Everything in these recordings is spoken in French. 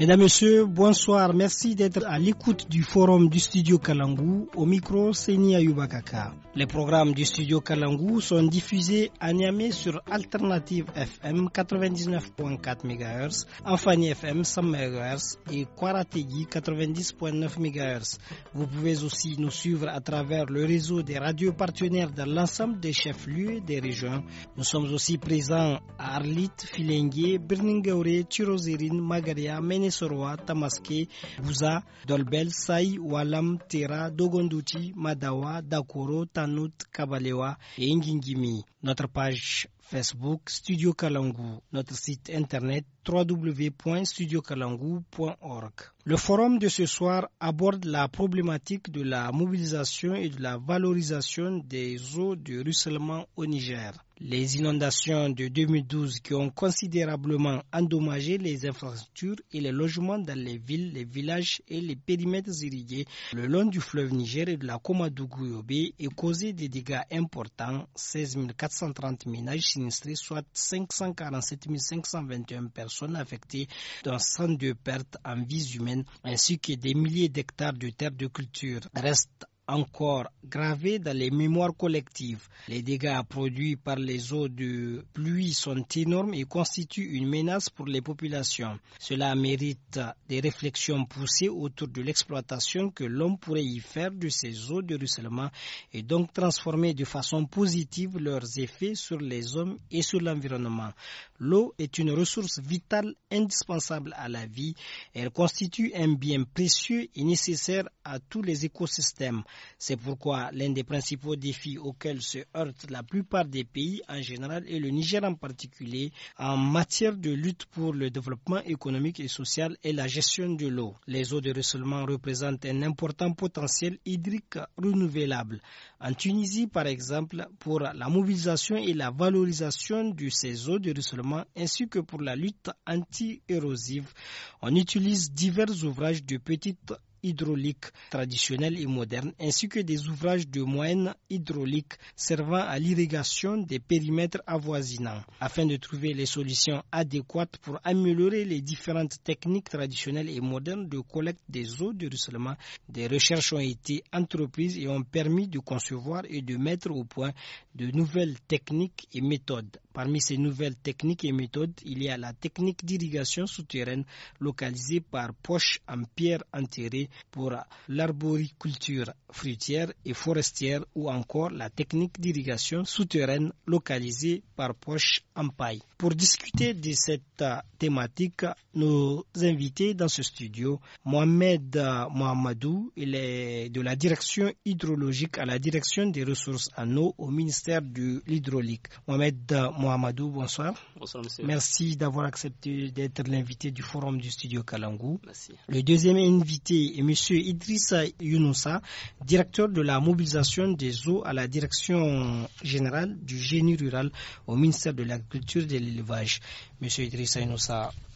Mesdames, Messieurs, bonsoir. Merci d'être à l'écoute du forum du studio Kalangou. Au micro, Seni Yubakaka. Les programmes du studio Kalangou sont diffusés à Niamey sur Alternative FM 99.4 MHz, Amphani FM 100 MHz et Kwarategi 90.9 MHz. Vous pouvez aussi nous suivre à travers le réseau des radios partenaires dans l'ensemble des chefs-lieux des régions. Nous sommes aussi présents à Arlit, Filengue, Birningaure, Tirozerine, Magaria, Soroa Tamaské, Bouza, Dolbel, Saï, Walam, Dogondouti, Madawa, Dakoro, Tanout, Kabalewa et Notre page Facebook Studio Kalangu, notre site internet www.studiokalangu.org. Le forum de ce soir aborde la problématique de la mobilisation et de la valorisation des eaux de ruissellement au Niger. Les inondations de 2012 qui ont considérablement endommagé les infrastructures et les logements dans les villes, les villages et les périmètres irrigués le long du fleuve Niger et de la komadougou et causé des dégâts importants, 16 430 ménages sinistrés, soit 547 521 personnes affectées, dont 102 pertes en vies humaines, ainsi que des milliers d'hectares de terres de culture. restent encore gravés dans les mémoires collectives. Les dégâts produits par les eaux de pluie sont énormes et constituent une menace pour les populations. Cela mérite des réflexions poussées autour de l'exploitation que l'homme pourrait y faire de ces eaux de ruissellement et donc transformer de façon positive leurs effets sur les hommes et sur l'environnement. L'eau est une ressource vitale indispensable à la vie. Elle constitue un bien précieux et nécessaire à tous les écosystèmes. C'est pourquoi l'un des principaux défis auxquels se heurtent la plupart des pays en général et le Niger en particulier en matière de lutte pour le développement économique et social est la gestion de l'eau. Les eaux de ruissellement représentent un important potentiel hydrique renouvelable. En Tunisie, par exemple, pour la mobilisation et la valorisation de ces eaux de ruissellement, ainsi que pour la lutte anti-érosive. On utilise divers ouvrages de petite hydraulique traditionnelle et modernes ainsi que des ouvrages de moyenne hydraulique servant à l'irrigation des périmètres avoisinants, afin de trouver les solutions adéquates pour améliorer les différentes techniques traditionnelles et modernes de collecte des eaux de ruissellement. Des recherches ont été entreprises et ont permis de concevoir et de mettre au point de nouvelles techniques et méthodes. Parmi ces nouvelles techniques et méthodes, il y a la technique d'irrigation souterraine localisée par poche en pierre enterrée pour l'arboriculture fruitière et forestière ou encore la technique d'irrigation souterraine localisée par poche en paille. Pour discuter de cette thématique, nous invités dans ce studio, Mohamed Mohamedou, il est de la direction hydrologique à la direction des ressources en eau au ministère de l'hydraulique. Mohamed Amadou, bonsoir. Merci d'avoir accepté d'être l'invité du forum du studio Kalangou. Le deuxième invité est M. Idrissa Younoussa, directeur de la mobilisation des eaux à la direction générale du génie rural au ministère de l'Agriculture et de l'Élevage. Monsieur Idrissa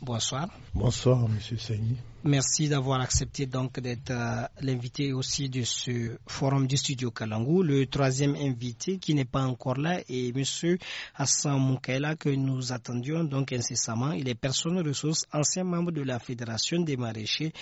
bonsoir. Bonsoir, Monsieur Saini. Merci d'avoir accepté donc d'être euh, l'invité aussi de ce forum du studio Kalangou. Le troisième invité qui n'est pas encore là est Monsieur Hassan moukela que nous attendions donc incessamment. Il est personne ressource, ancien membre de la Fédération des maraîchers.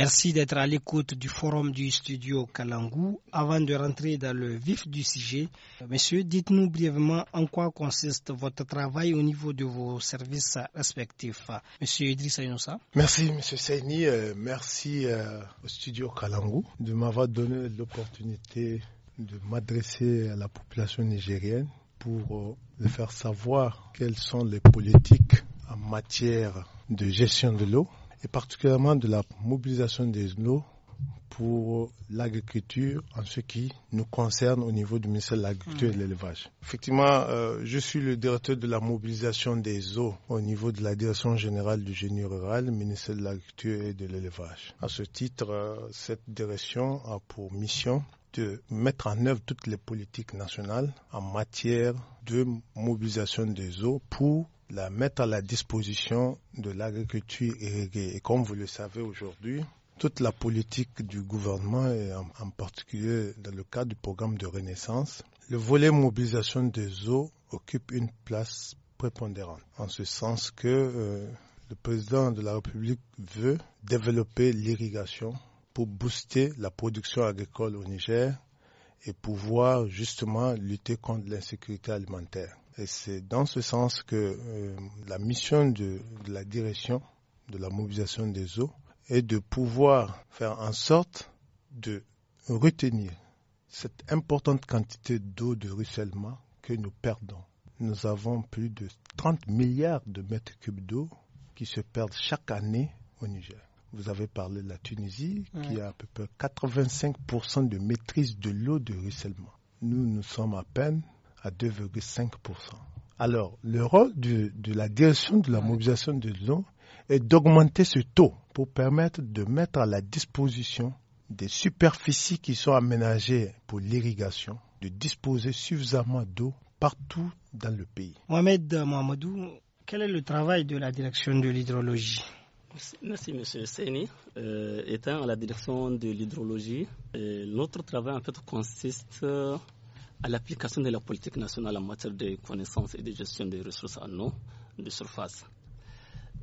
Merci d'être à l'écoute du forum du studio Kalangou. Avant de rentrer dans le vif du sujet, monsieur, dites-nous brièvement en quoi consiste votre travail au niveau de vos services respectifs. Monsieur Idriss Ayonsa. Merci, monsieur Saini. Euh, merci euh, au studio Kalangou de m'avoir donné l'opportunité de m'adresser à la population nigérienne pour le euh, faire savoir quelles sont les politiques en matière de gestion de l'eau, et particulièrement de la mobilisation des eaux pour l'agriculture en ce qui nous concerne au niveau du ministère de l'Agriculture et de l'Élevage. Effectivement, euh, je suis le directeur de la mobilisation des eaux au niveau de la Direction générale du génie rural, ministère de l'Agriculture et de l'Élevage. À ce titre, euh, cette direction a pour mission de mettre en œuvre toutes les politiques nationales en matière de mobilisation des eaux pour la mettre à la disposition de l'agriculture irriguée. Et comme vous le savez aujourd'hui, toute la politique du gouvernement, et en, particulier dans le cadre du programme de renaissance, le volet mobilisation des eaux occupe une place prépondérante, en ce sens que euh, le président de la République veut développer l'irrigation pour booster la production agricole au Niger et pouvoir justement lutter contre l'insécurité alimentaire. Et c'est dans ce sens que euh, la mission de, la direction de la mobilisation des eaux est de pouvoir faire en sorte de retenir cette importante quantité d'eau de ruissellement que nous perdons. Nous avons plus de 30 milliards de mètres cubes d'eau qui se perdent chaque année au Niger. Vous avez parlé de la Tunisie qui a à peu près 85% de maîtrise de l'eau de ruissellement. Nous, nous sommes à peine à 2,5%. Alors, le rôle de, la direction de la mobilisation de l'eau est d'augmenter ce taux pour permettre de mettre à la disposition des superficies qui sont aménagées pour l'irrigation, de disposer suffisamment d'eau partout dans le pays. Mohamed Mohamedou, quel est le travail de la direction de l'hydrologie Merci, Monsieur Seni. Euh, étant à la direction de l'hydrologie, euh, notre travail en fait consiste à l'application de la politique nationale en matière de connaissances et de gestion des ressources en eau de surface.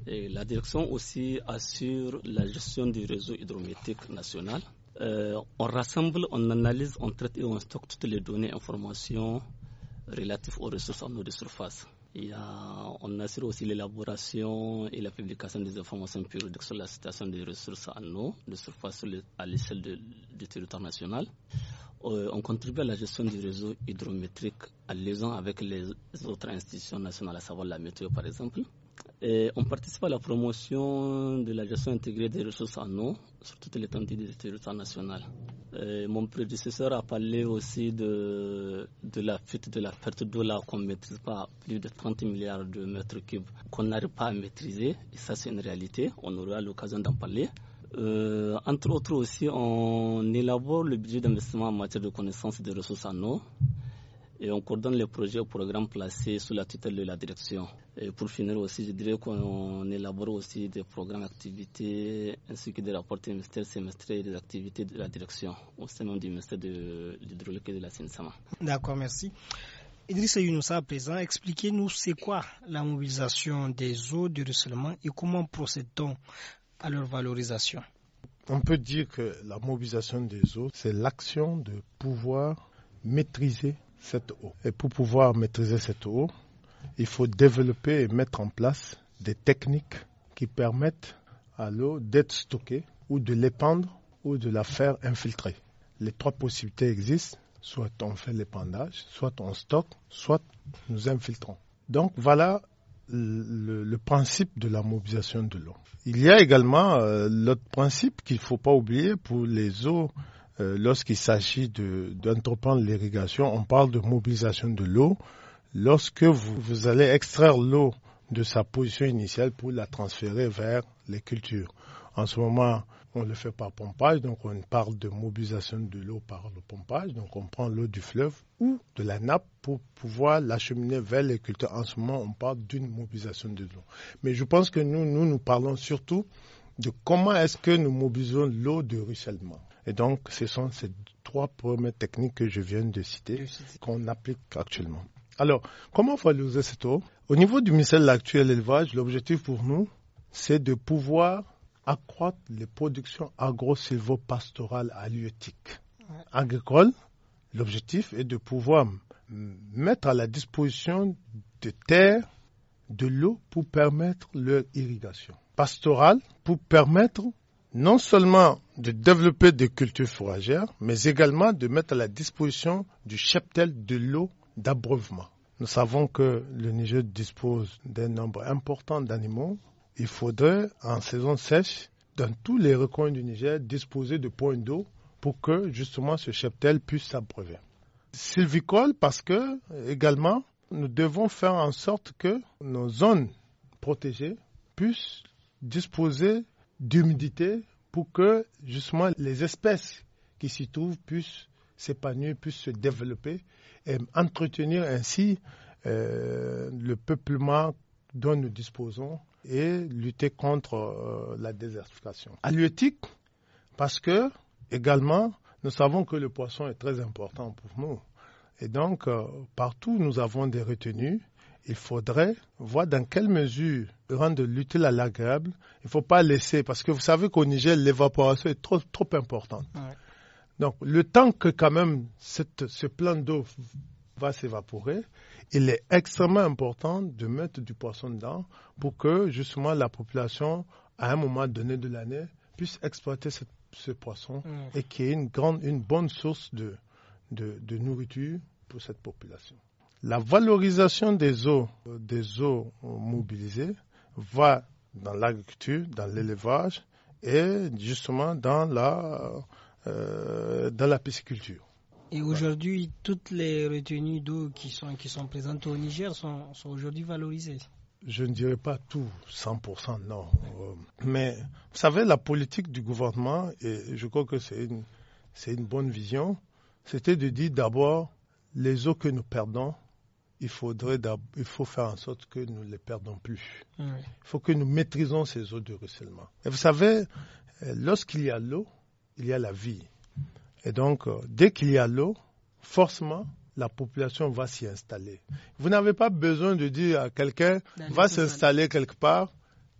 la direction aussi assure la gestion du réseau hydrométrique national. Euh, on rassemble, on analyse, on traite et on stocke toutes les données, et informations relatives aux ressources en eau de surface. on assure aussi l'élaboration et la publication des informations périodiques sur la situation des ressources en eau de surface à l'échelle du territoire national. Euh, on contribue à la gestion du réseau hydrométrique en liaison avec les autres institutions nationales, à savoir la météo par exemple. on participe à la promotion de la gestion intégrée des ressources en eau sur toute l'étendue du territoire national. mon prédécesseur a parlé aussi de, la fuite de la perte d'eau là qu'on ne maîtrise pas, plus de 30 milliards de mètres cubes qu'on n'arrive pas à maîtriser. Et ça, c'est une réalité. On aura l'occasion d'en parler. Euh, entre autres aussi, on élabore le budget d'investissement en matière de connaissances et de ressources en eau et on coordonne les projets au programme placés sous la tutelle de la direction. Et pour finir aussi, je dirais qu'on élabore aussi des programmes d'activités ainsi que des rapports trimestriels, semestriels et des activités de la direction au sein du ministère de l'hydraulique et de la D'accord, merci. Idriss Younoussa, à présent, expliquez-nous c'est quoi la mobilisation des eaux de ruissellement et comment procède on à leur valorisation. On peut dire que la mobilisation des eaux, c'est l'action de pouvoir maîtriser cette eau. Et pour pouvoir maîtriser cette eau, il faut développer et mettre en place des techniques qui permettent à l'eau d'être stockée ou de l'épandre ou de la faire infiltrer. Les trois possibilités existent. Soit on fait l'épandage, soit on stocke, soit nous infiltrons. Donc voilà le, le, principe de la mobilisation de l'eau. Il y a également euh, l'autre principe qu'il ne faut pas oublier pour les eaux. Euh, lorsqu'il s'agit d'entreprendre l'irrigation, on parle de mobilisation de l'eau. Lorsque vous, vous, allez extraire l'eau de sa position initiale pour la transférer vers les cultures. En ce moment, on le fait par pompage, donc on parle de mobilisation de l'eau par le pompage, donc on prend l'eau du fleuve ou de la nappe pour pouvoir l'acheminer vers les cultures. En ce moment, on parle d'une mobilisation de l'eau. Mais je pense que nous, nous, nous parlons surtout de comment est-ce que nous mobilisons l'eau de ruissellement. Et donc, ce sont ces trois premières techniques que je viens de citer qu'on applique actuellement. Alors, comment valoriser cette eau Au niveau du ministère actuel élevage, l'objectif pour nous, c'est de pouvoir accroître les productions agro-silvopastorales halieutiques. Agricole, l'objectif est de pouvoir mettre à la disposition de terres de l'eau pour permettre leur irrigation. Pastorale, pour permettre non seulement de développer des cultures fourragères, mais également de mettre à la disposition du cheptel de l'eau d'abreuvement. Nous savons que le Niger dispose d'un nombre important d'animaux il faudrait, en saison sèche, dans tous les recoins du Niger, disposer de points d'eau pour que justement ce cheptel puisse s'abreuver. Sylvicole, parce que également, nous devons faire en sorte que nos zones protégées puissent disposer d'humidité pour que justement les espèces qui s'y trouvent puissent s'épanouir, puissent se développer et entretenir ainsi euh, le peuplement dont nous disposons et lutter contre euh, la désertification. Halieutique, parce que également, nous savons que le poisson est très important pour nous. Et donc, euh, partout où nous avons des retenues, il faudrait voir dans quelle mesure de lutter à l'agréable. Il ne faut pas laisser, parce que vous savez qu'au Niger, l'évaporation est trop, trop importante. Donc, le temps que quand même ce plan d'eau va s'évaporer, il est extrêmement important de mettre du poisson dedans pour que justement la population, à un moment donné de l'année, puisse exploiter ce poisson mm. et qu'il y ait une, grande, une bonne source de, de, de nourriture pour cette population. La valorisation des eaux, des eaux mobilisées va dans l'agriculture, dans l'élevage et justement dans la, euh, dans la pisciculture. Et aujourd'hui, toutes les retenues d'eau qui sont, qui sont présentes au Niger sont, sont aujourd'hui valorisées je ne dirais pas tout, 100%, non. Euh, mais vous savez, la politique du gouvernement, et je crois que c'est une, une, bonne vision, c'était de dire d'abord, les eaux que nous perdons, il, faudrait il faut faire en sorte que nous ne les perdons plus. Ah il faut que nous maîtrisons ces eaux de ruissellement. Et vous savez, euh, lorsqu'il y a l'eau, il y a la vie. Et donc, euh, dès qu'il y a l'eau, forcément, la population va s'y installer. Vous n'avez pas besoin de dire à quelqu'un, va s'installer quelque part.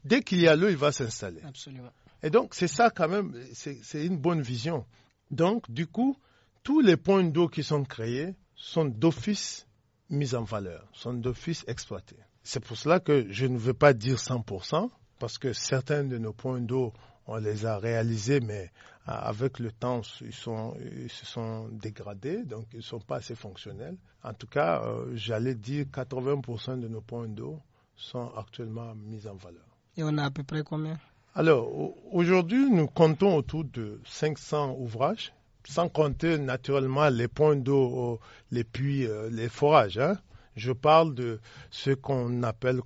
Dès qu'il y a l'eau, il va s'installer. Absolument. Et donc, c'est ça quand même, c'est une bonne vision. Donc, du coup, tous les points d'eau qui sont créés sont d'office mis en valeur, sont d'office exploités. C'est pour cela que je ne veux pas dire 100%, parce que certains de nos points d'eau, on les a réalisés, mais euh, avec le temps, ils, se sont dégradés, donc ils ne sont pas assez fonctionnels. En tout cas, euh, j'allais dire 80% de nos points d'eau sont actuellement mis en valeur. Et on a à peu près combien Alors, aujourd'hui, nous comptons autour de 500 ouvrages, sans compter naturellement les points d'eau, euh, les puits, les forages. Hein. Je parle de ce qu'on appelle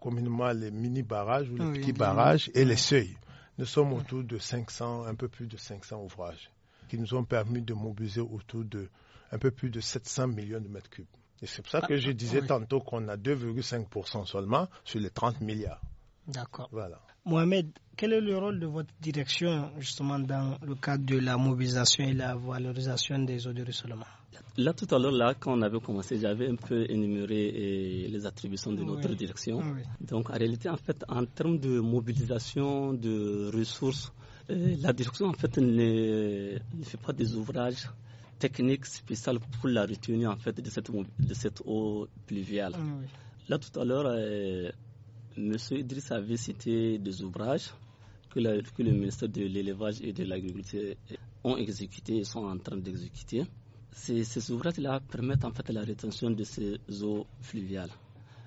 communément les mini-barrages ou les petits barrages et les seuils. Nous sommes autour de 500, un peu plus de 500 ouvrages qui nous ont permis de mobiliser autour de un peu plus de 700 millions de mètres cubes. Et c'est pour ça que je disais tantôt qu'on a 2,5% seulement sur les 30 milliards. D'accord. Voilà. Mohamed, quel est le rôle de votre direction justement dans le cadre de la mobilisation et la valorisation des eaux de ruissellement Là tout à l'heure, là quand on avait commencé, j'avais un peu énuméré eh, les attributions de notre direction. Donc en réalité, en fait, en termes de mobilisation de ressources, eh, la direction en fait ne, fait pas des ouvrages techniques spéciales pour la retenue en fait de cette, de cette eau pluviale. Là tout à l'heure. Eh, Monsieur Idriss avait cité des ouvrages que, le ministère de l'élevage et de l'agriculture ont exécutés et sont en train d'exécuter. Ces, ouvrages-là permettent en fait la rétention de ces eaux fluviales.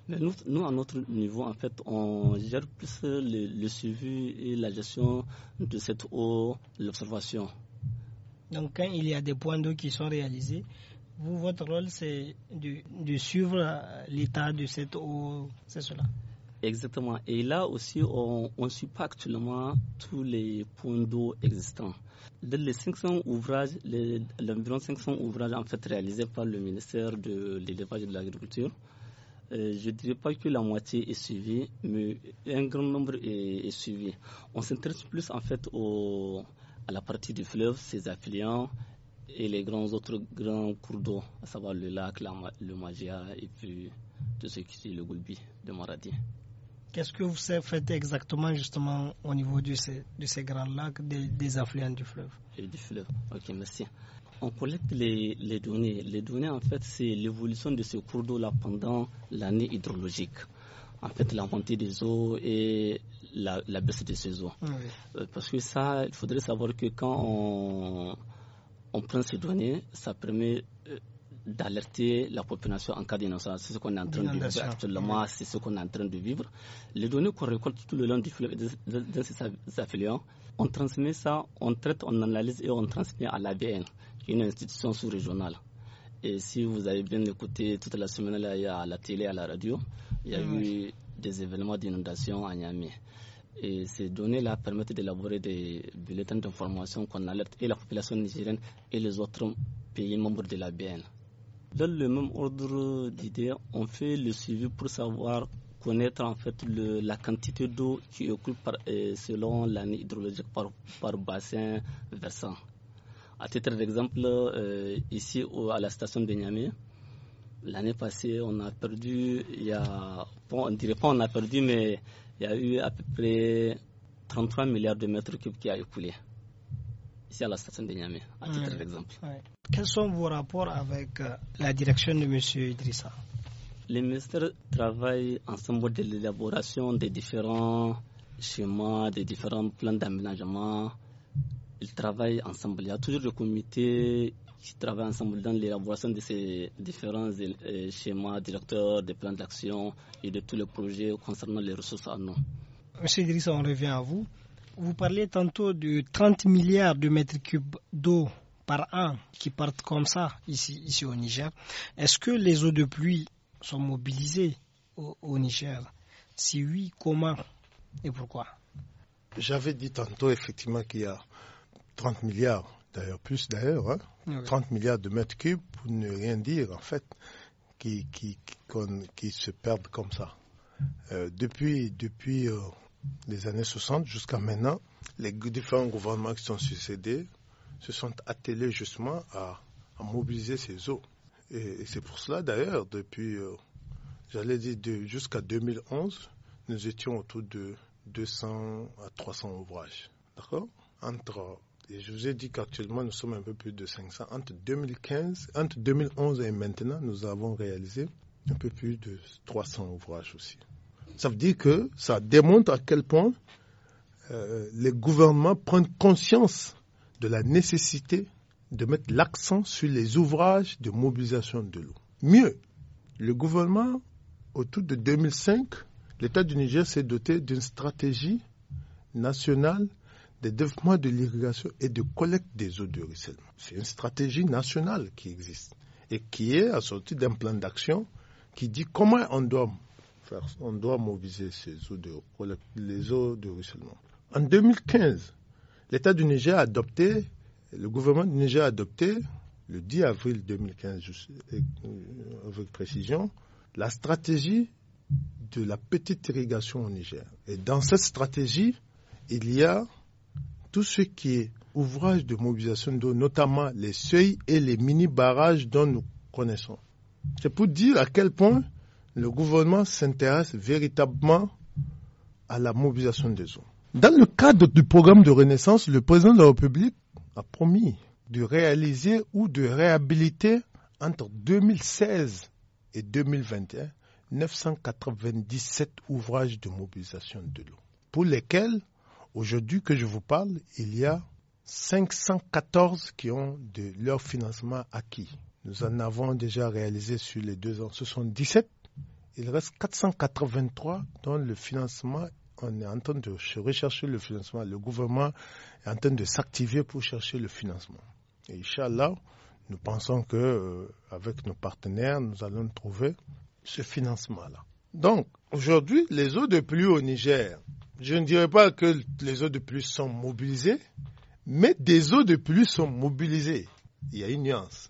Mais nous, à notre niveau, en fait, on gère plus le, suivi et la gestion de cette eau, l'observation. Donc, quand il y a des points d'eau qui sont réalisés, votre rôle, c'est de, suivre l'état de cette eau, c'est cela Exactement. Et là aussi, on ne suit pas actuellement tous les points d'eau existants. les 500 ouvrages, l'environ 500 ouvrages en fait réalisés par le ministère de l'élevage et de l'agriculture, euh, je ne dirais pas que la moitié est suivie, mais un grand nombre est, suivi. On s'intéresse plus en fait à la partie du fleuve, ses affluents et les grands autres grands cours d'eau, à savoir le lac, le Magia et puis tout ce qui est le Goulbi de Maradi. Qu'est-ce que vous faites exactement justement au niveau de ces, grands lacs, des, affluents du fleuve Et Du fleuve, ok, merci. On collecte les, données. Les données, en fait, c'est l'évolution de ce cours d'eau-là pendant l'année hydrologique. En fait, la montée des eaux et la, baisse de ces eaux. Euh, parce que ça, il faudrait savoir que quand on prend ces données, ça permet euh, d'alerter la population en cas d'inondation. C'est ce qu'on est en train de vivre actuellement, c'est ce qu'on est en train de vivre. Les données qu'on récolte tout le long du fleuve de ces affluents, on transmet ça, on traite, on analyse et on transmet à l'ABN, une institution sous-régionale. Et si vous avez bien écouté toute la semaine, là, à la télé, à la radio, il y a ah eu des événements d'inondation à Niamey. Et ces données-là permettent d'élaborer des bulletins d'information qu'on alerte et la population nigérienne et les autres pays membres de la BN. Dans le même ordre d'idées, on fait le suivi pour savoir connaître en fait la quantité d'eau qui occupe euh, selon l'année hydrologique par, bassin versant. À titre d'exemple, euh, ici à la station de Niamey, l'année passée, on a perdu, il y a, dirait pas on a perdu, mais il y a eu à peu près 33 milliards de mètres cubes qui a écoulé ici à la station de Niamey, à titre d'exemple. Quels sont vos rapports avec euh, la direction de M. Idrissa Les ministres travaillent ensemble de l'élaboration des différents schémas, des différents plans d'aménagement. Ils travaillent ensemble. Il y a toujours le comité qui travaille ensemble dans l'élaboration de ces différents euh, schémas, directeurs, des plans d'action et de tous les projets concernant les ressources à nous. Monsieur Idrissa, on revient à vous. Vous parlez tantôt de 30 milliards de mètres cubes d'eau par an qui partent comme ça ici, ici au Niger. Est-ce que les eaux de pluie sont mobilisées au, Niger Si oui, comment et pourquoi J'avais dit tantôt effectivement qu'il y a 30 milliards, d'ailleurs plus d'ailleurs, 30 hein, milliards de mètres cubes pour ne rien dire en fait, qui, se perdent comme ça. Euh, depuis depuis euh, des années 60 jusqu'à maintenant, les différents gouvernements qui sont succédés se sont attelés justement à, mobiliser ces eaux. Et, c'est pour cela d'ailleurs, depuis, euh, j'allais dire, jusqu'à 2011, nous étions autour de 200 à 300 ouvrages. D'accord Entre, et je vous ai dit qu'actuellement nous sommes un peu plus de 500. Entre 2015, entre 2011 et maintenant, nous avons réalisé un peu plus de 300 ouvrages aussi. Ça veut dire que ça démontre à quel point euh, les gouvernements prennent conscience de la nécessité de mettre l'accent sur les ouvrages de mobilisation de l'eau. Mieux, le gouvernement, autour de 2005, l'État du Niger s'est doté d'une stratégie nationale de développement de l'irrigation et de collecte des eaux de ruissellement. C'est une stratégie nationale qui existe et qui est assortie d'un plan d'action qui dit comment on doit on doit mobiliser ces eaux de les eaux de ruissellement. En 2015, l'État du Niger a adopté, le gouvernement du Niger a adopté, le 10 avril 2015, euh, avec précision, la stratégie de la petite irrigation au Niger. Et dans cette stratégie, il y a tout ce qui est ouvrage de mobilisation d'eau, notamment les seuils et les mini-barrages dont nous connaissons. C'est pour dire à quel point le gouvernement s'intéresse véritablement à la mobilisation des eaux. Dans le cadre du programme de renaissance, le président de la République a promis de réaliser ou de réhabiliter entre 2016 et 2021 997 ouvrages de mobilisation de l'eau, pour lesquels, aujourd'hui que je vous parle, il y a 514 qui ont de leur financement acquis. Nous en avons déjà réalisé sur les deux ans 77 il reste 483 dont le financement, on est en train de rechercher le financement. Le gouvernement est en train de s'activer pour chercher le financement. Et Inch'Allah, nous pensons que euh, avec nos partenaires, nous allons trouver ce financement-là. Donc, aujourd'hui, les eaux de pluie au Niger, je ne dirais pas que les eaux de pluie sont mobilisées, mais des eaux de pluie sont mobilisées. Il y a une nuance.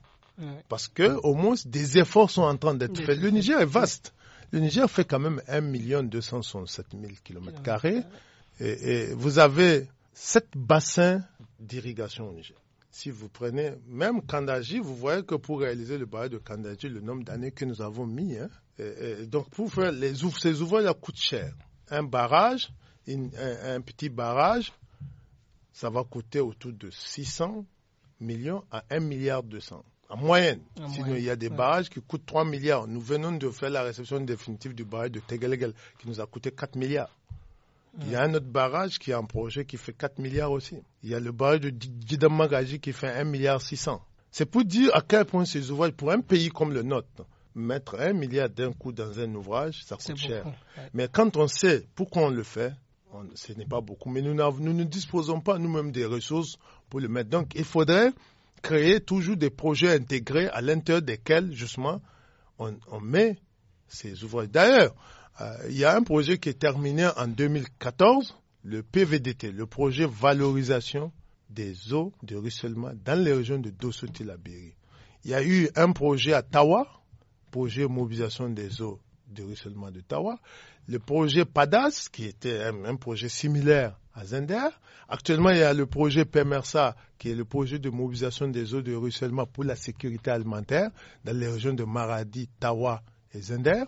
Parce que, au moins, des efforts sont en train d'être faits. Le Niger est vaste. Le Niger fait quand même 1 267 000 km. Et, et vous avez sept bassins d'irrigation au Niger. Si vous prenez même Kandaji, vous voyez que pour réaliser le barrage de Kandaji, le nombre d'années que nous avons mis, hein, donc pour faire les, ces ouvrages, coûtent cher. Un barrage, un, petit barrage, ça va coûter autour de 600 millions à 1 milliard 200 en moyenne. Sinon, il y a des barrages qui coûtent 3 milliards. Nous venons de faire la réception définitive du barrage de Tegelegel qui nous a coûté 4 milliards. Il y a un autre barrage qui est en projet qui fait 4 milliards aussi. Il y a le barrage de Didamagaji qui fait 1 milliard 600. C'est pour dire à quel point ces ouvrages, pour un pays comme le nôtre, mettre 1 milliard d'un coup dans un ouvrage, ça coûte cher. Mais quand on sait pourquoi on le fait, ce n'est pas beaucoup. Mais nous ne disposons pas nous-mêmes des ressources pour le mettre. Donc il faudrait créer toujours des projets intégrés à l'intérieur desquels, justement, on, met ces ouvrages. D'ailleurs, euh, il y a un projet qui est terminé en 2014, le PVDT, le projet valorisation des eaux de ruissellement dans les régions de dosso Il y a eu un projet à Tawa, projet mobilisation des eaux de ruissellement de Tawa, le projet PADAS, qui était un projet similaire à Zender. Actuellement, il y a le projet PEMERSA, qui est le projet de mobilisation des eaux de ruissellement pour la sécurité alimentaire dans les régions de Maradi, Tawa et Zender.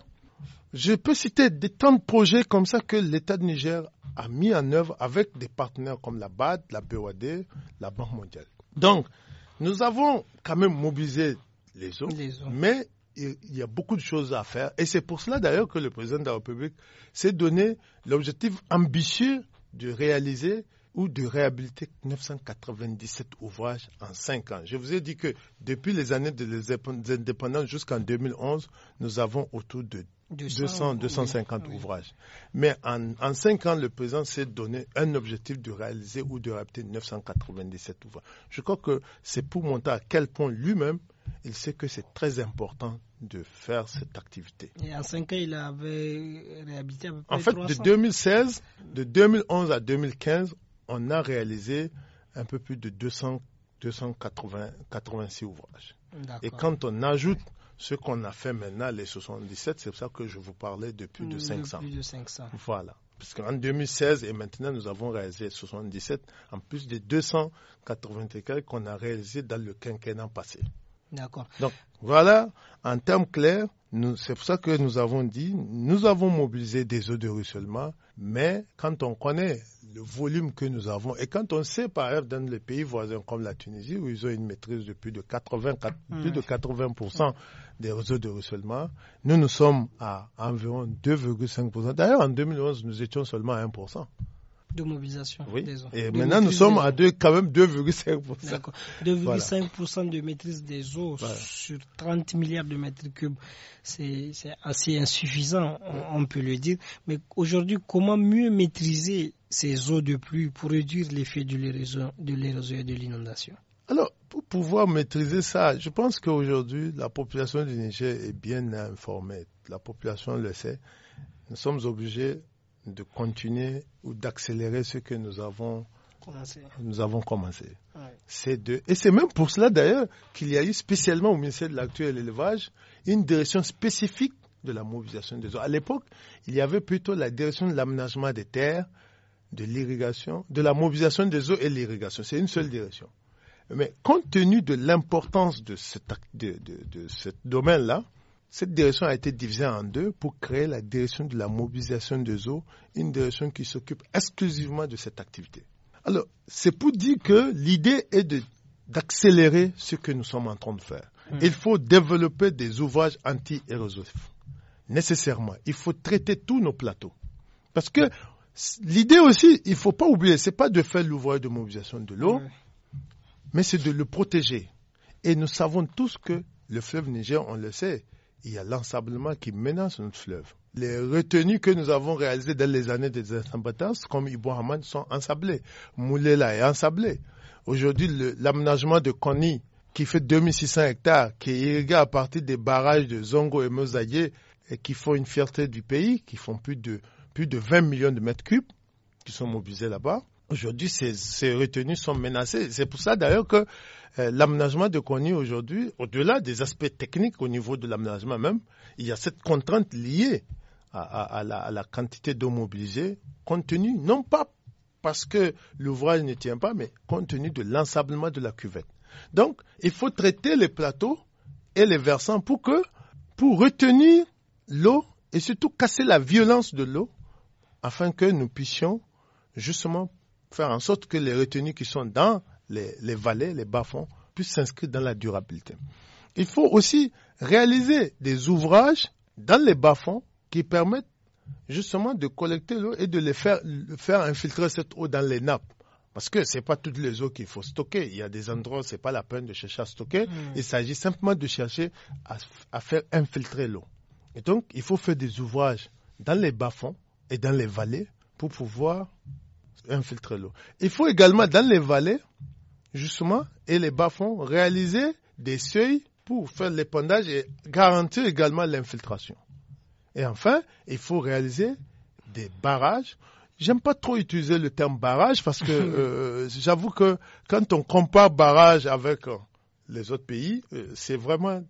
Je peux citer des tant de projets comme ça que l'État de Niger a mis en œuvre avec des partenaires comme la BAD, la BOAD, la Banque mondiale. Donc, nous avons quand même mobilisé les eaux. mais il y a beaucoup de choses à faire. Et c'est pour cela d'ailleurs que le président de la République s'est donné l'objectif ambitieux de réaliser ou de réhabiliter 997 ouvrages en 5 ans. Je vous ai dit que depuis les années de indépendances jusqu'en 2011, nous avons autour de 200, 250 ouvrages. Mais en, en 5 ans, le président s'est donné un objectif de réaliser ou de réhabiliter 997 ouvrages. Je crois que c'est pour montrer à quel point lui-même, il sait que c'est très important de faire cette activité. Et en 5 il avait réhabilité peu En fait, de 2016, de 2011 à 2015, on a réalisé un peu plus de 200, 286 ouvrages. Et quand on ajoute ce qu'on a fait maintenant, les 77, c'est pour ça que je vous parlais de plus de, 500. 500. Voilà. Parce qu'en 2016 et maintenant, nous avons réalisé 77, en plus des 284 qu'on a réalisés dans le quinquennat passé. D'accord. Donc, voilà, en termes clairs, c'est pour ça que nous avons dit, nous avons mobilisé des eaux de ruissellement, mais quand on connaît le volume que nous avons, et quand on sait par exemple dans les pays voisins comme la Tunisie, où ils ont une maîtrise de plus de 80, plus de 80% des eaux de ruissellement, nous, nous sommes à environ 2,5%. D'ailleurs, en 2011, nous étions seulement à 1% de mobilisation. Des eaux. Et maintenant, nous sommes à quand même 2,5%. 2,5% de maîtrise des eaux sur 30 milliards de mètres cubes, c'est assez insuffisant, on, on, peut le dire. Mais aujourd'hui, comment mieux maîtriser ces eaux de pluie pour réduire l'effet de l'érosion et de l'inondation Alors, pour pouvoir maîtriser ça, je pense qu'aujourd'hui, la population du Niger est bien informée. La population le sait. Nous sommes obligés de continuer ou d'accélérer ce que nous avons commencé. Nous avons commencé. C'est et c'est même pour cela d'ailleurs qu'il y a eu spécialement au ministère de l'Actuel Élevage une direction spécifique de la mobilisation des eaux. À l'époque, il y avait plutôt la direction de l'aménagement des terres, de l'irrigation, de la mobilisation des eaux et l'irrigation. C'est une seule direction. Mais compte tenu de l'importance de, de, de, de, ce domaine-là, cette direction a été divisée en deux pour créer la direction de la mobilisation des eaux, une direction qui s'occupe exclusivement de cette activité. Alors, c'est pour dire que l'idée est d'accélérer ce que nous sommes en train de faire. Hmm. Il faut développer des ouvrages anti-érosifs. Nécessairement. Il faut traiter tous nos plateaux. Parce que l'idée aussi, il ne faut pas oublier, ce n'est pas de faire l'ouvrage de mobilisation de l'eau, mais c'est de le protéger. Et nous savons tous que le fleuve Niger, on le sait, il y a l'ensablement qui menace notre fleuve. Les retenues que nous avons réalisées dans les années des incendies comme Ibo sont ensablées. Moulela est ensablé. Aujourd'hui, l'aménagement de Koni, qui fait 2600 hectares, qui est irrigué à partir des barrages de Zongo et Mosaïe, et qui font une fierté du pays, qui font plus de, plus de 20 millions de mètres cubes, qui sont mobilisés là-bas. Aujourd'hui, ces, ces, retenues sont menacées. C'est pour ça d'ailleurs que euh, l'aménagement de Kony aujourd'hui, au-delà des aspects techniques au niveau de l'aménagement même, il y a cette contrainte liée à, la, quantité d'eau mobilisée, compte tenu, non pas parce que l'ouvrage ne tient pas, mais compte tenu de l'ensablement de la cuvette. Donc, il faut traiter les plateaux et les versants pour que, pour retenir l'eau et surtout casser la violence de l'eau, afin que nous puissions justement faire en sorte que les retenues qui sont dans les, vallées, les bas-fonds, puissent s'inscrire dans la durabilité. Il faut aussi réaliser des ouvrages dans les bas-fonds qui permettent justement de collecter l'eau et de les faire, faire infiltrer cette eau dans les nappes. Parce que ce n'est pas toutes les eaux qu'il faut stocker. Il y a des endroits où ce n'est pas la peine de chercher à stocker. Hmm. Il s'agit simplement de chercher à, à faire infiltrer l'eau. Et donc, il faut faire des ouvrages dans les bas-fonds et dans les vallées pour pouvoir infiltrer l'eau. Il faut également, dans les vallées, justement, et les bas-fonds, réaliser des seuils pour faire l'épandage et garantir également l'infiltration. Et enfin, il faut réaliser des barrages. J'aime pas trop utiliser le terme barrage parce que euh, j'avoue que quand on compare barrage avec euh, les autres pays, euh, c'est vraiment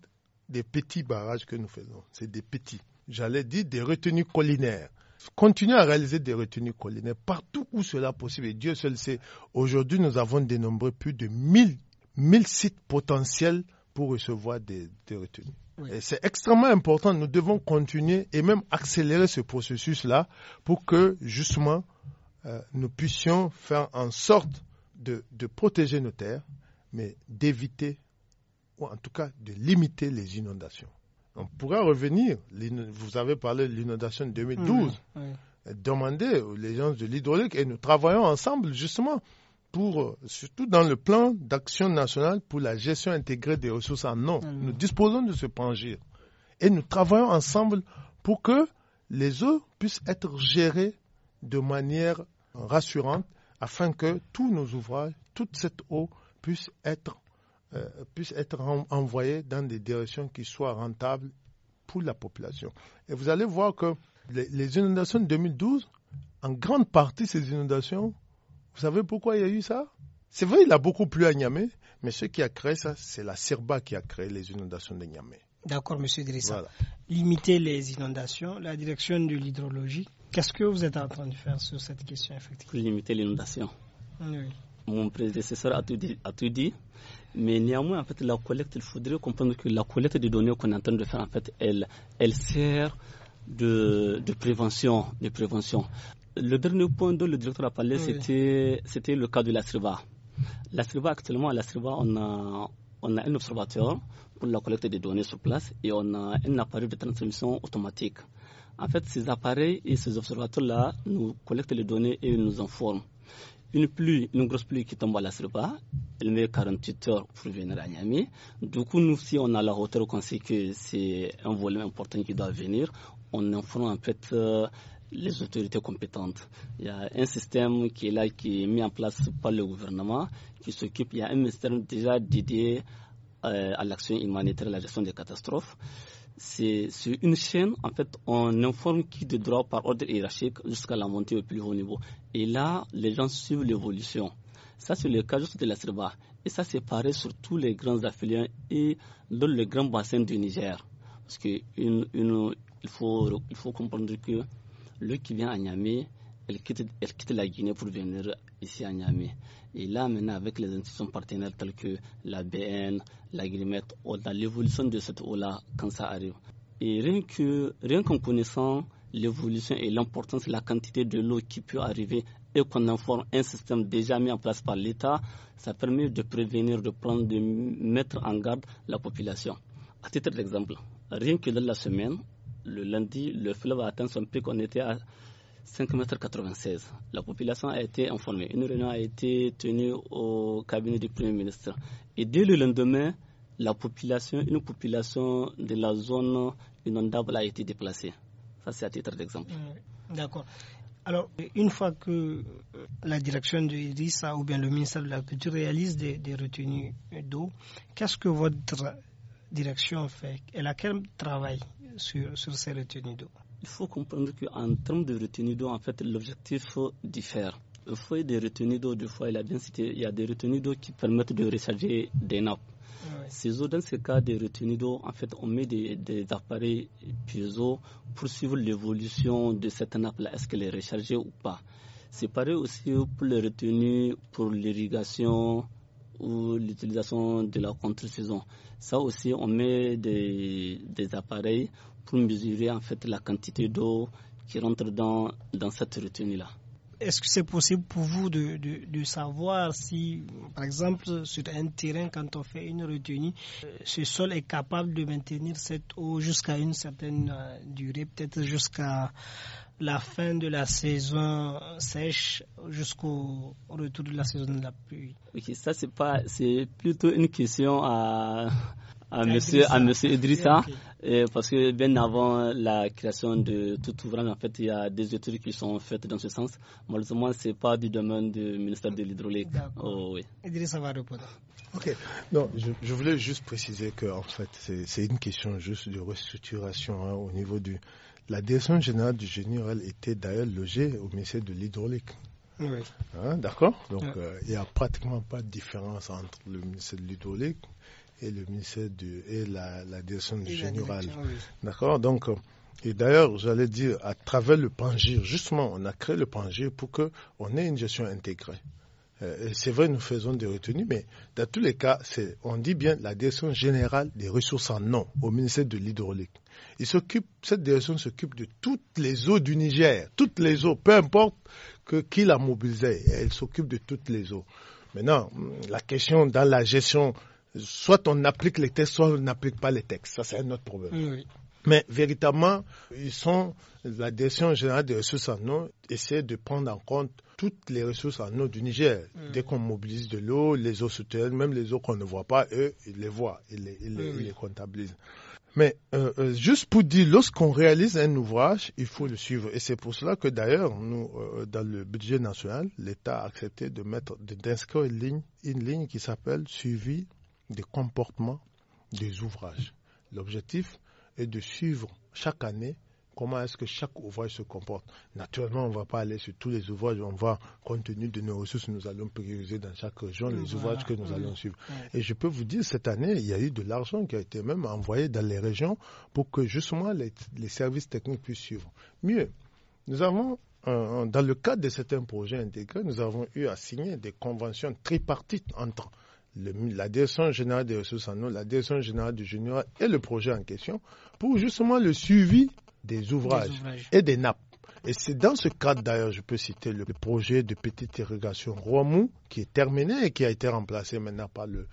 des petits barrages que nous faisons. C'est des petits. J'allais dire des retenues collinaires continuer à réaliser des retenues collinaires partout où cela est possible. Et Dieu seul sait. Aujourd'hui, nous avons dénombré plus de 1000, 1000 sites potentiels pour recevoir des, retenues. Et c'est extrêmement important. Nous devons continuer et même accélérer ce processus-là pour que, justement, euh, nous puissions faire en sorte de protéger nos terres, mais d'éviter, ou en tout cas de limiter les inondations. On pourrait revenir, vous avez parlé de l'inondation de 2012, demander aux gens de l'hydraulique et nous travaillons ensemble justement pour, euh, surtout dans le plan d'action nationale pour la gestion intégrée des ressources en eau. Nous disposons de ce pangir et nous travaillons ensemble pour que les eaux puissent être gérées de manière rassurante afin que tous nos ouvrages, toute cette eau puisse être euh, puissent être envoyés dans des directions qui soient rentables pour la population. Et vous allez voir que les, inondations de 2012, en grande partie ces inondations, vous savez pourquoi il y a eu ça C'est vrai, il a beaucoup plu à Niamey, mais ce qui a créé ça, c'est la Serba qui a créé les inondations de Niamey. D'accord, Monsieur Drissa. Limiter les inondations, la direction de l'hydrologie. Qu'est-ce que vous êtes en train de faire sur cette question, effectivement Limiter l'inondation. Oui. Mon prédécesseur a dit. A tout dit. Mais néanmoins, en fait, la collecte, il faudrait comprendre que la collecte des données qu'on est en train de faire, en fait, elle, elle sert de, de prévention, de prévention. Le dernier point dont le directeur a parlé, c'était le cas de la SRIVA. La SRIVA, actuellement, à la on a, on a un observateur pour la collecte des données sur place et on a un appareil de transmission automatique. En fait, ces appareils et ces observateurs-là nous collectent les données et nous informent une pluie, une grosse pluie qui tombe à la Sriba, elle met 48 heures pour venir à Niamey. Du coup, nous, si on a la hauteur qu'on sait que c'est un volume important qui doit venir, on informe en fait euh, les autorités compétentes. Il y a un système qui est là, qui est mis en place par le gouvernement, qui s'occupe, il y a un ministère déjà dédié euh, à l'action humanitaire, à la gestion des catastrophes c'est une chaîne, en fait, on informe qui de droit par ordre hiérarchique jusqu'à la montée au plus haut niveau. Et là, les gens suivent l'évolution. Ça, c'est le cas juste de la Serba. Et ça, c'est pareil sur tous les grands affluents et dans le grand bassin du Niger. Parce que une, il, faut, comprendre que le qui vient à Niamey, elle quitte, la Guinée pour venir ici à Niamey. Et là, maintenant, avec les institutions partenaires telles que la BN, la Grimette, on a l'évolution de cette eau-là quand ça arrive. Et rien que, rien qu'en connaissant l'évolution et l'importance, la quantité de l'eau qui peut arriver et qu'on forme un système déjà mis en place par l'État, ça permet de prévenir, de prendre, de mettre en garde la population. À titre d'exemple, rien que dans la semaine, le lundi, le fleuve a atteint son pic, qu'on était à 5,96 m. La population a été informée. Une réunion a été tenue au cabinet du Premier ministre. Et dès le lendemain, la population, une population de la zone inondable a été déplacée. Ça, c'est à titre d'exemple. D'accord. Alors, une fois que euh, la direction de l'IRISA ou bien le ministère de la Culture réalise des, des retenues d'eau, qu'est-ce que votre direction fait Elle a quel travail sur, sur ces retenues d'eau il faut comprendre qu'en termes de retenue d'eau, en fait, l'objectif diffère. Le foyer des retenues d'eau, du fois, il a bien cité, il y a des retenues d'eau qui permettent de recharger des nappes. Ah Ces dans ce cas des retenues d'eau, en fait, on met des, appareils piezo pour suivre l'évolution de cette nappe-là. Est-ce qu'elle est rechargée ou pas C'est pareil aussi pour les retenues, pour l'irrigation ou l'utilisation de la contre-saison. Ça aussi, on met des, des appareils pour mesurer en fait la quantité d'eau qui rentre dans, dans cette retenue-là. Est-ce que c'est possible pour vous de, de, savoir si, par exemple, sur un terrain, quand on fait une retenue, euh, ce sol est capable de maintenir cette eau jusqu'à une certaine euh, durée, peut-être jusqu'à la fin de la saison sèche jusqu'au retour de la saison de la pluie Ok, ça c'est pas, c'est plutôt une question à à Monsieur, à Monsieur Idrissa. parce que bien avant la création de tout ouvrage, en fait, il y a des études qui sont faites dans ce sens. Malheureusement, ce n'est pas du domaine du ministère de l'hydraulique. Oh, Idrissa va répondre. Ok. Non, je, voulais juste préciser que, en fait, c'est une question juste de restructuration hein, au niveau du. La direction générale du Général était d'ailleurs logée au ministère de l'hydraulique. Oui. Hein, d'accord Donc, euh, il y n'y a pratiquement pas de différence entre le ministère de l'hydraulique et le ministère du, et la, la direction générale. D'accord Donc, euh, et d'ailleurs, j'allais dire, à travers le PANGIR, justement, on a créé le PANGIR pour qu'on ait une gestion intégrée. Euh, c'est vrai, nous faisons des retenues, mais dans tous les cas, on dit bien la direction générale des ressources en nom au ministère de l'hydraulique. cette direction s'occupe de toutes les eaux du Niger, toutes les eaux, peu importe que, qui la mobilisait, elle s'occupe de toutes les eaux. Maintenant, la question dans la gestion soit on applique les textes, soit on n'applique pas les textes. Ça, c'est un autre problème. Mais véritablement, ils sont, la Direction générale des ressources en eau essaie de prendre en compte toutes les ressources en eau du Niger. Mm. Dès qu'on mobilise de l'eau, les eaux souterraines, même les eaux qu'on ne voit pas, eux, ils les voient, ils les, mm. comptabilisent. Mais euh, euh, juste pour dire, lorsqu'on réalise un ouvrage, il faut le suivre. Et c'est pour cela que d'ailleurs, nous, euh, dans le budget national, l'État a accepté de mettre, d'inscrire une ligne, une ligne qui s'appelle suivi des comportements des ouvrages. L'objectif est de suivre chaque année comment est-ce que chaque ouvrage se comporte. Naturellement, on ne va pas aller sur tous les ouvrages, on va, compte tenu de nos ressources, nous allons prioriser dans chaque région les ouvrages que nous mmh. allons suivre. Et je peux vous dire, cette année, il y a eu de l'argent qui a été même envoyé dans les régions pour que justement les, services techniques puissent suivre. Mieux, nous avons, euh, dans le cadre de certains projets intégrés, nous avons eu à signer des conventions tripartites entre la Direction générale des ressources en eau, la Direction générale du junior et le projet en question pour justement le suivi des ouvrages, et des nappes. Et c'est dans ce cadre d'ailleurs, je peux citer le projet de petite irrigation Roamou qui est terminé et qui a été remplacé maintenant par le,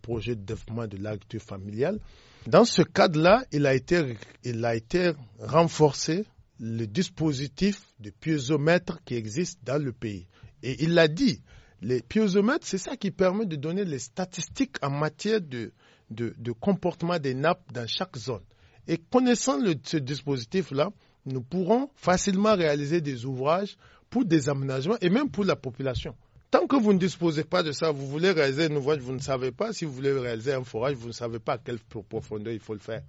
projet de développement de l'agriculture familiale. Dans ce cadre-là, il, a été, il a été renforcé le dispositif de piezomètre qui existe dans le pays. Et il l'a dit, les piézomètres, c'est ça qui permet de donner les statistiques en matière de, de, comportement des nappes dans chaque zone. Et connaissant ce dispositif-là, nous pourrons facilement réaliser des ouvrages pour des aménagements et même pour la population. Tant que vous ne disposez pas de ça, vous voulez réaliser un ouvrage, vous ne savez pas. Si vous voulez réaliser un forage, vous ne savez pas à quelle profondeur il faut le faire.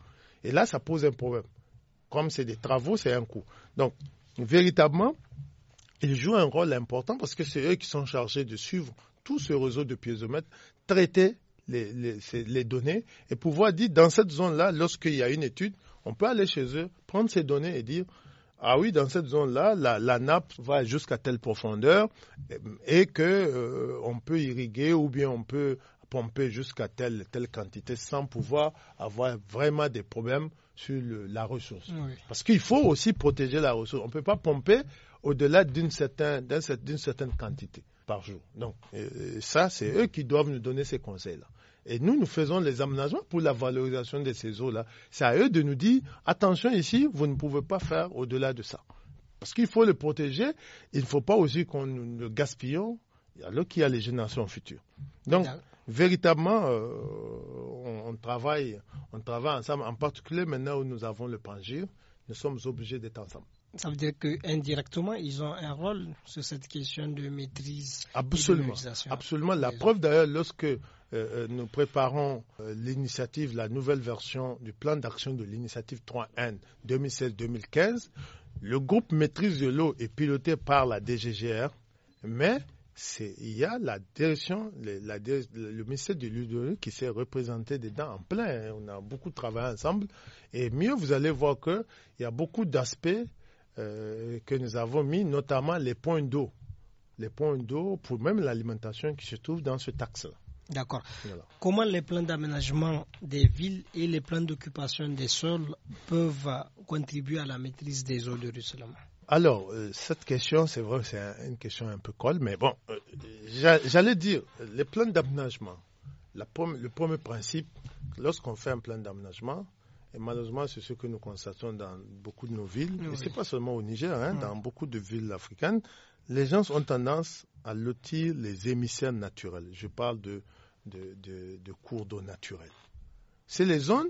Et là, ça pose un problème. Comme c'est des travaux, c'est un coût. Donc, véritablement, ils jouent un rôle important parce que c'est eux qui sont chargés de suivre tout ce réseau de piézomètres, traiter les, données et pouvoir dire dans cette zone-là, lorsqu'il y a une étude, on peut aller chez eux, prendre ces données et dire ah oui, dans cette zone-là, la, nappe va jusqu'à telle profondeur et qu'on euh, peut irriguer ou bien on peut pomper jusqu'à telle telle quantité sans pouvoir avoir vraiment des problèmes sur la ressource. Parce qu'il faut aussi protéger la ressource. On ne peut pas pomper, au-delà d'une certaine, certaine, quantité par jour. Donc, ça, c'est eux qui doivent nous donner ces conseils-là. Et nous, nous faisons les aménagements pour la valorisation de ces eaux-là. C'est à eux de nous dire, attention ici, vous ne pouvez pas faire au-delà de ça. Parce qu'il faut le protéger, il ne faut pas aussi qu'on le gaspille alors qu'il y a les générations futures. Donc, véritablement, euh, on, travaille, on travaille ensemble, en particulier maintenant où nous avons le Pangir, nous sommes obligés d'être ensemble. Ça veut dire qu'indirectement, ils ont un rôle sur cette question de maîtrise. Absolument. Et absolument. La preuve d'ailleurs, lorsque euh, euh, nous préparons euh, l'initiative, la nouvelle version du plan d'action de l'initiative 3N 2016-2015, le groupe maîtrise de l'eau est piloté par la DGGR, mais il y a la direction, le, ministère de l'Udon qui s'est représenté dedans en plein. Hein. On a beaucoup travaillé ensemble. Et mieux, vous allez voir qu'il y a beaucoup d'aspects euh, que nous avons mis, notamment les points d'eau. Les points d'eau pour même l'alimentation qui se trouve dans ce taxe-là. D'accord. Comment les plans d'aménagement des villes et les plans d'occupation des sols peuvent contribuer à la maîtrise des eaux de ruissellement alors, euh, cette question, c'est vrai, c'est une question un peu colle, mais bon, euh, j'allais dire, les plans d'aménagement, le premier principe, lorsqu'on fait un plan d'aménagement, et malheureusement, c'est ce que nous constatons dans beaucoup de nos villes. Et ce n'est pas seulement au Niger, hein, mm. dans beaucoup de villes africaines, les gens ont tendance à lotir les émissaires naturels. Je parle de, cours d'eau naturel. C'est les zones,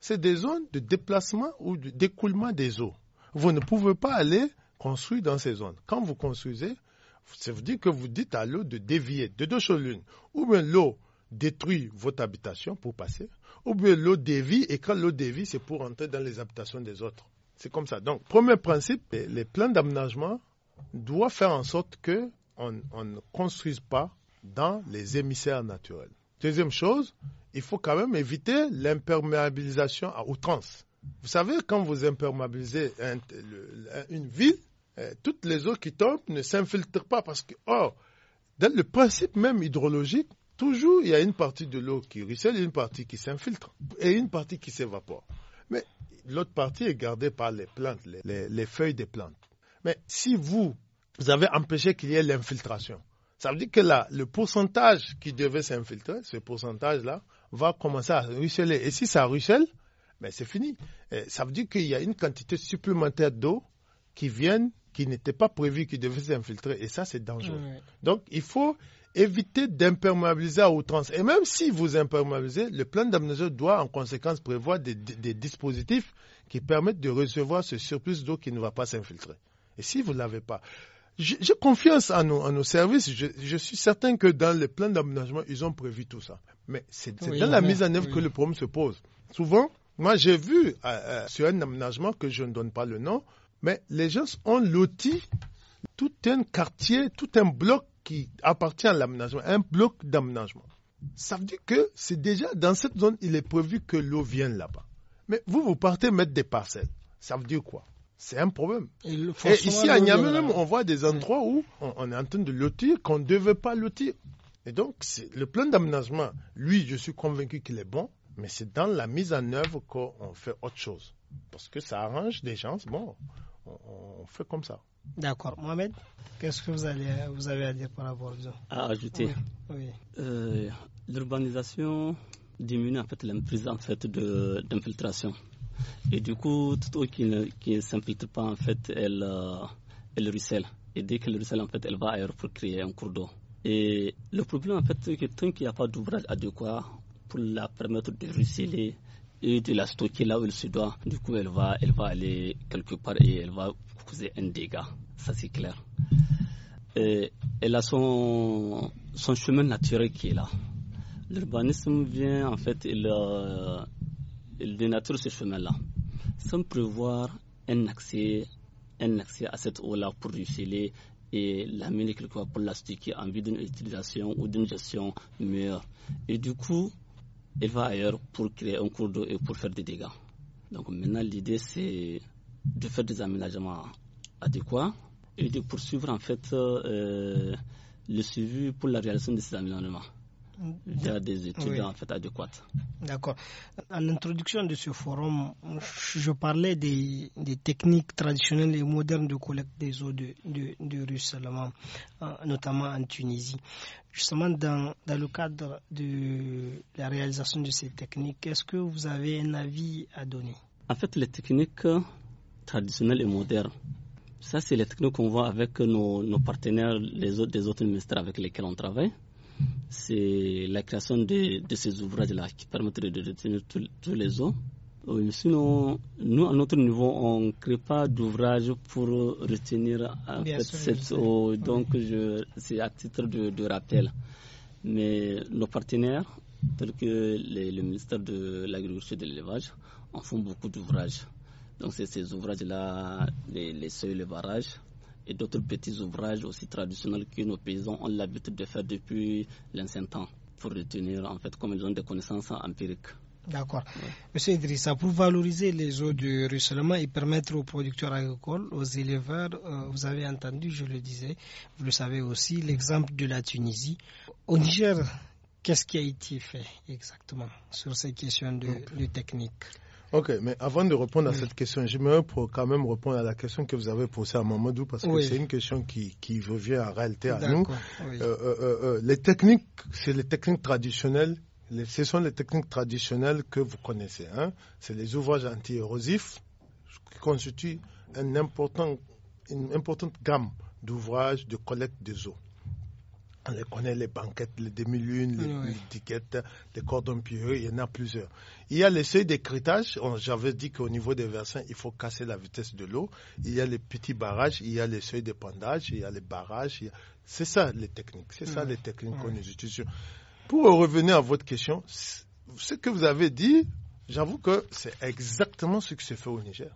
c'est des zones de déplacement ou d'écoulement des eaux. Vous ne pouvez pas aller construire dans ces zones. Quand vous construisez, ça veut dire que vous dites à l'eau de dévier de deux choses l'une. Ou bien l'eau détruit votre habitation pour passer, ou bien l'eau dévie, et quand l'eau dévie, c'est pour entrer dans les habitations des autres. C'est comme ça. Donc, premier principe, les plans d'aménagement doivent faire en sorte que on, ne construise pas dans les émissaires naturels. Deuxième chose, il faut quand même éviter l'imperméabilisation à outrance. Vous savez, quand vous imperméabilisez une ville, euh, toutes les eaux qui tombent ne s'infiltrent pas parce que, or, dans le principe même hydrologique, toujours il y a une partie de l'eau qui ruisselle, une partie qui s'infiltre et une partie qui s'évapore. Mais l'autre partie est gardée par les plantes, les, les, feuilles des plantes. Mais si vous, vous avez empêché qu'il y ait l'infiltration, ça veut dire que là, le pourcentage qui devait s'infiltrer, ce pourcentage-là, va commencer à ruisseler. Et si ça ruisselle, mais ben, c'est fini. ça veut dire qu'il y a une quantité supplémentaire d'eau qui vient, qui n'était pas prévue, qui devait s'infiltrer. Et ça, c'est dangereux. Donc, il faut éviter d'imperméabiliser à outrance. Et même si vous imperméabilisez, le plan d'aménagement doit en conséquence prévoir des, dispositifs qui permettent de recevoir ce surplus d'eau qui ne va pas s'infiltrer. Et si vous ne l'avez pas, j'ai confiance en nos, en nos services. Je, suis certain que dans le plan d'aménagement, ils ont prévu tout ça. Mais c'est dans la mise en œuvre que le problème se pose. Souvent, moi j'ai vu euh, euh, sur un aménagement que je ne donne pas le nom, mais les gens ont loti tout un quartier, tout un bloc qui appartient à l'aménagement, un bloc d'aménagement, ça veut dire que c'est déjà dans cette zone, il est prévu que l'eau vienne là-bas. Mais vous, vous partez mettre des parcelles. Ça veut dire quoi C'est un problème. Et, ici, à Niamey, on voit des endroits où on, est en train de lotir qu'on ne devait pas lotir. Et donc, le plan d'aménagement, lui, je suis convaincu qu'il est bon, mais c'est dans la mise en œuvre qu'on fait autre chose. Parce que ça arrange des gens. Bon, on fait comme ça. D'accord. Mohamed, qu'est-ce que vous, allez, vous, avez à dire par rapport à ça À ajouter. Oui. Euh, l'urbanisation diminue en fait l'emprise en fait d'infiltration. Et du coup, tout eau qui ne, qui s'infiltre pas, en fait, elle, euh, elle ruisselle. Et dès qu'elle ruisselle, en fait, elle va ailleurs pour créer un cours d'eau. Et le problème, en fait, c'est que tant qu'il n'y a pas d'ouvrage adéquat pour la permettre de ruisseler, et de la stocker là où elle se doit. Du coup, elle va, elle va aller quelque part et elle va causer un dégât. Ça, c'est clair. Euh, elle a son, son chemin naturel qui est là. L'urbanisme vient, en fait, il, il euh, dénature ce chemin-là, sans prévoir un accès, un accès à cette eau-là pour ruisseler et l'amener quelque part pour la stocker en vue d'une utilisation ou d'une gestion meilleure. Et du coup, et va ailleurs pour créer un cours d'eau et pour faire des dégâts. Donc maintenant, l'idée, c'est de faire des aménagements adéquats et de poursuivre en fait euh, le suivi pour la réalisation de ces aménagements a des études en fait adéquates. D'accord. En l'introduction de ce forum, je parlais des, techniques traditionnelles et modernes de collecte des eaux de, de, de euh, notamment en Tunisie. Justement, dans, dans le cadre de la réalisation de ces techniques, est-ce que vous avez un avis à donner En fait, les techniques traditionnelles et modernes, ça, c'est les techniques qu'on voit avec nos, nos partenaires les autres, des autres ministères avec lesquels on travaille c'est la création de, ces ouvrages-là qui permettrait de retenir tous les eaux. Euh, sinon, nous, à notre niveau, on ne crée pas d'ouvrage pour retenir cette, eau. donc c'est à titre de, rappel. Mais nos partenaires, tels que le ministère de l'Agriculture et de l'Élevage, en font beaucoup d'ouvrages. Donc c'est ces ouvrages-là, les, les seuils, les barrages, et d'autres petits ouvrages aussi traditionnels que nos paysans ont l'habitude de faire depuis l'ancien temps pour retenir en fait comme ils ont des connaissances empiriques. D'accord. Monsieur Idrissa, pour valoriser les eaux du ruissellement et permettre aux producteurs agricoles, aux éleveurs, euh, vous avez entendu, je le disais, vous le savez aussi, l'exemple de la Tunisie. Au Niger, qu'est-ce qui a été fait exactement sur ces questions de, de technique Ok, mais avant de répondre à mm. cette question, j'aimerais quand même répondre à la question que vous avez posée à Mamadou, parce que c'est une question qui, qui revient en réalité à nous. Euh, euh, euh, les techniques, c'est les techniques traditionnelles, ce sont les techniques traditionnelles que vous connaissez. Hein. C'est les ouvrages anti qui constituent un important, une importante gamme d'ouvrages de collecte des eaux. On connaît les banquettes, les demi-lunes, les, tickets, étiquettes, les cordons pieux, il y en a plusieurs. Il y a les seuils d'écritage. J'avais dit qu'au niveau des versants, il faut casser la vitesse de l'eau. Il y a les petits barrages, il y a les seuils d'épandage, il y a les barrages. C'est ça les techniques. C'est ça les techniques qu'on utilise. Pour revenir à votre question, ce que vous avez dit, j'avoue que c'est exactement ce qui se fait au Niger.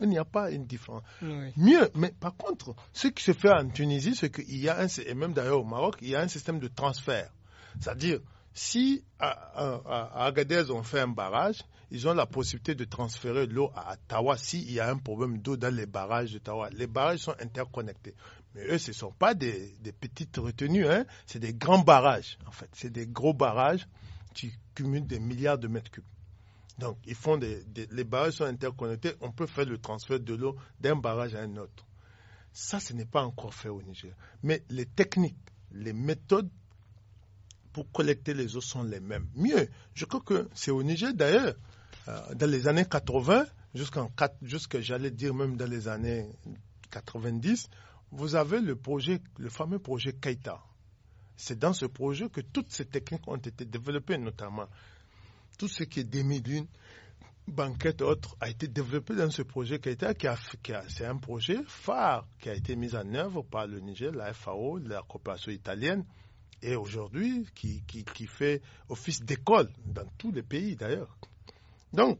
Il n'y a pas une différence. Mieux, mais par contre, ce qui se fait en Tunisie, c'est qu'il y a un, et même d'ailleurs au Maroc, il y a un système de transfert. C'est-à-dire, si à, Agadez on fait un barrage, ils ont la possibilité de transférer l'eau à Ottawa s'il y a un problème d'eau dans les barrages de d'Ottawa. Les barrages sont interconnectés. Mais eux, ce ne sont pas des, petites retenues, hein. c'est des grands barrages, en fait. C'est des gros barrages qui cumulent des milliards de mètres cubes. Donc, ils font les barrages sont interconnectés. On peut faire le transfert de l'eau d'un barrage à un autre. Ça, ce n'est pas encore fait au Niger. Mais les techniques, les méthodes pour collecter les eaux sont les mêmes. Mieux, je crois que c'est au Niger d'ailleurs, euh, dans les années 80, jusqu'en jusqu j'allais dire même dans les années 90, vous avez le projet, le fameux projet Kaita. C'est dans ce projet que toutes ces techniques ont été développées, notamment tout ce qui est d'une banquette autre a été développé dans ce projet qui a c'est un projet phare qui a été mis en œuvre par le Niger, la FAO, la coopération italienne, et aujourd'hui qui, qui, fait office d'école dans tous les pays d'ailleurs. Donc,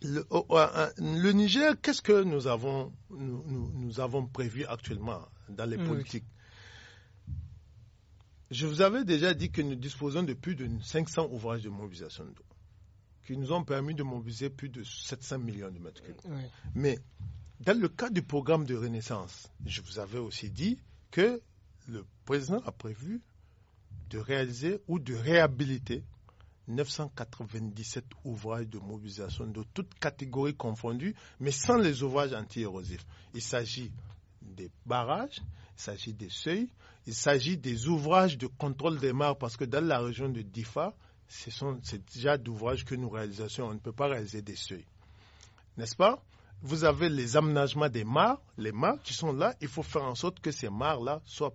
le, oh, oh, Niger, qu'est-ce que nous avons, nous, avons prévu actuellement dans les politiques je vous avais déjà dit que nous disposons de plus de 500 ouvrages de mobilisation d'eau qui nous ont permis de mobiliser plus de 700 millions de mètres cubes. Mais dans le cas du programme de renaissance, je vous avais aussi dit que le président a prévu de réaliser ou de réhabiliter 997 ouvrages de mobilisation d'eau, toutes catégories confondues, mais sans les ouvrages anti-érosifs. Il s'agit des barrages, il s'agit des seuils, il s'agit des ouvrages de contrôle des mares parce que dans la région de Difa, ce sont déjà d'ouvrages que nous réalisons. On ne peut pas réaliser des seuils. N'est-ce pas Vous avez les aménagements des mares, les mares qui sont là. Il faut faire en sorte que ces mares-là soient.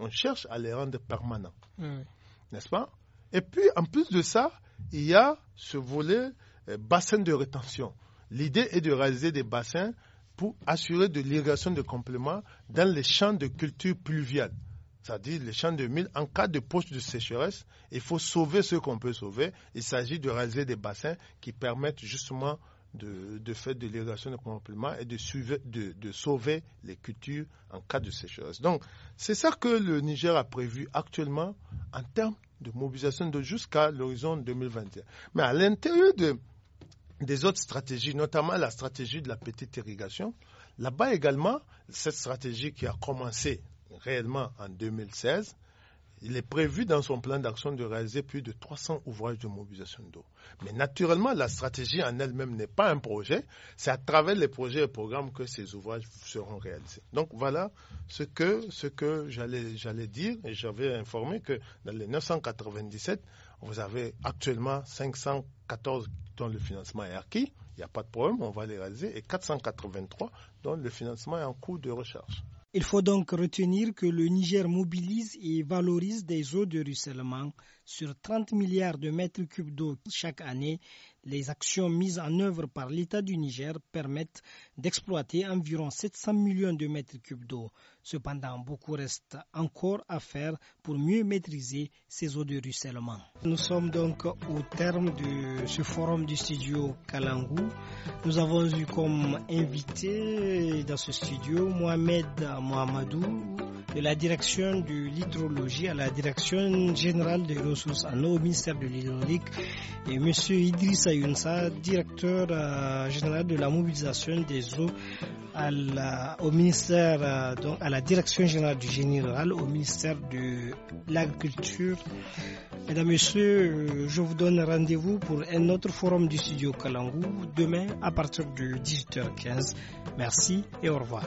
On cherche à les rendre permanents. N'est-ce pas Et puis, en plus de ça, il y a ce volet euh, bassin de rétention. L'idée est de réaliser des bassins pour assurer de l'irrigation de compléments dans les champs de culture pluviale, c'est-à-dire les champs de mille. En cas de poche de sécheresse, il faut sauver ce qu'on peut sauver. Il s'agit de réaliser des bassins qui permettent justement de, faire de l'irrigation de compléments et de, de sauver les cultures en cas de sécheresse. Donc, c'est ça que le Niger a prévu actuellement en termes de mobilisation de jusqu'à l'horizon 2021. Mais à l'intérieur de des autres stratégies, notamment la stratégie de la petite irrigation. Là-bas également, cette stratégie qui a commencé réellement en 2016, il est prévu dans son plan d'action de réaliser plus de 300 ouvrages de mobilisation d'eau. Mais naturellement, la stratégie en elle-même n'est pas un projet. C'est à travers les projets et programmes que ces ouvrages seront réalisés. Donc voilà ce que, ce que j'allais, j'allais dire. Et j'avais informé que dans les 997, vous avez actuellement 514 dont le financement est acquis, il n'y a pas de problème, on va les réaliser, et 483 dont le financement est en cours de recherche. Il faut donc retenir que le Niger mobilise et valorise des eaux de ruissellement sur 30 milliards de mètres cubes d'eau chaque année les actions mises en œuvre par l'État du Niger permettent d'exploiter environ 700 millions de mètres cubes d'eau. Cependant, beaucoup reste encore à faire pour mieux maîtriser ces eaux de ruissellement. Nous sommes donc au terme de ce forum du studio Kalangou. Nous avons eu comme invité dans ce studio Mohamed Mohamadou, de la direction de l'hydrologie à la direction générale des ressources en eau au ministère de l'hydraulique et M. Idrissa Younsa, directeur euh, général de la mobilisation des eaux à la, au ministère, euh, donc à la direction générale du général, au ministère de l'Agriculture. Mesdames, Messieurs, euh, je vous donne rendez-vous pour un autre forum du studio Kalangou demain à partir de 18h15. Merci et au revoir.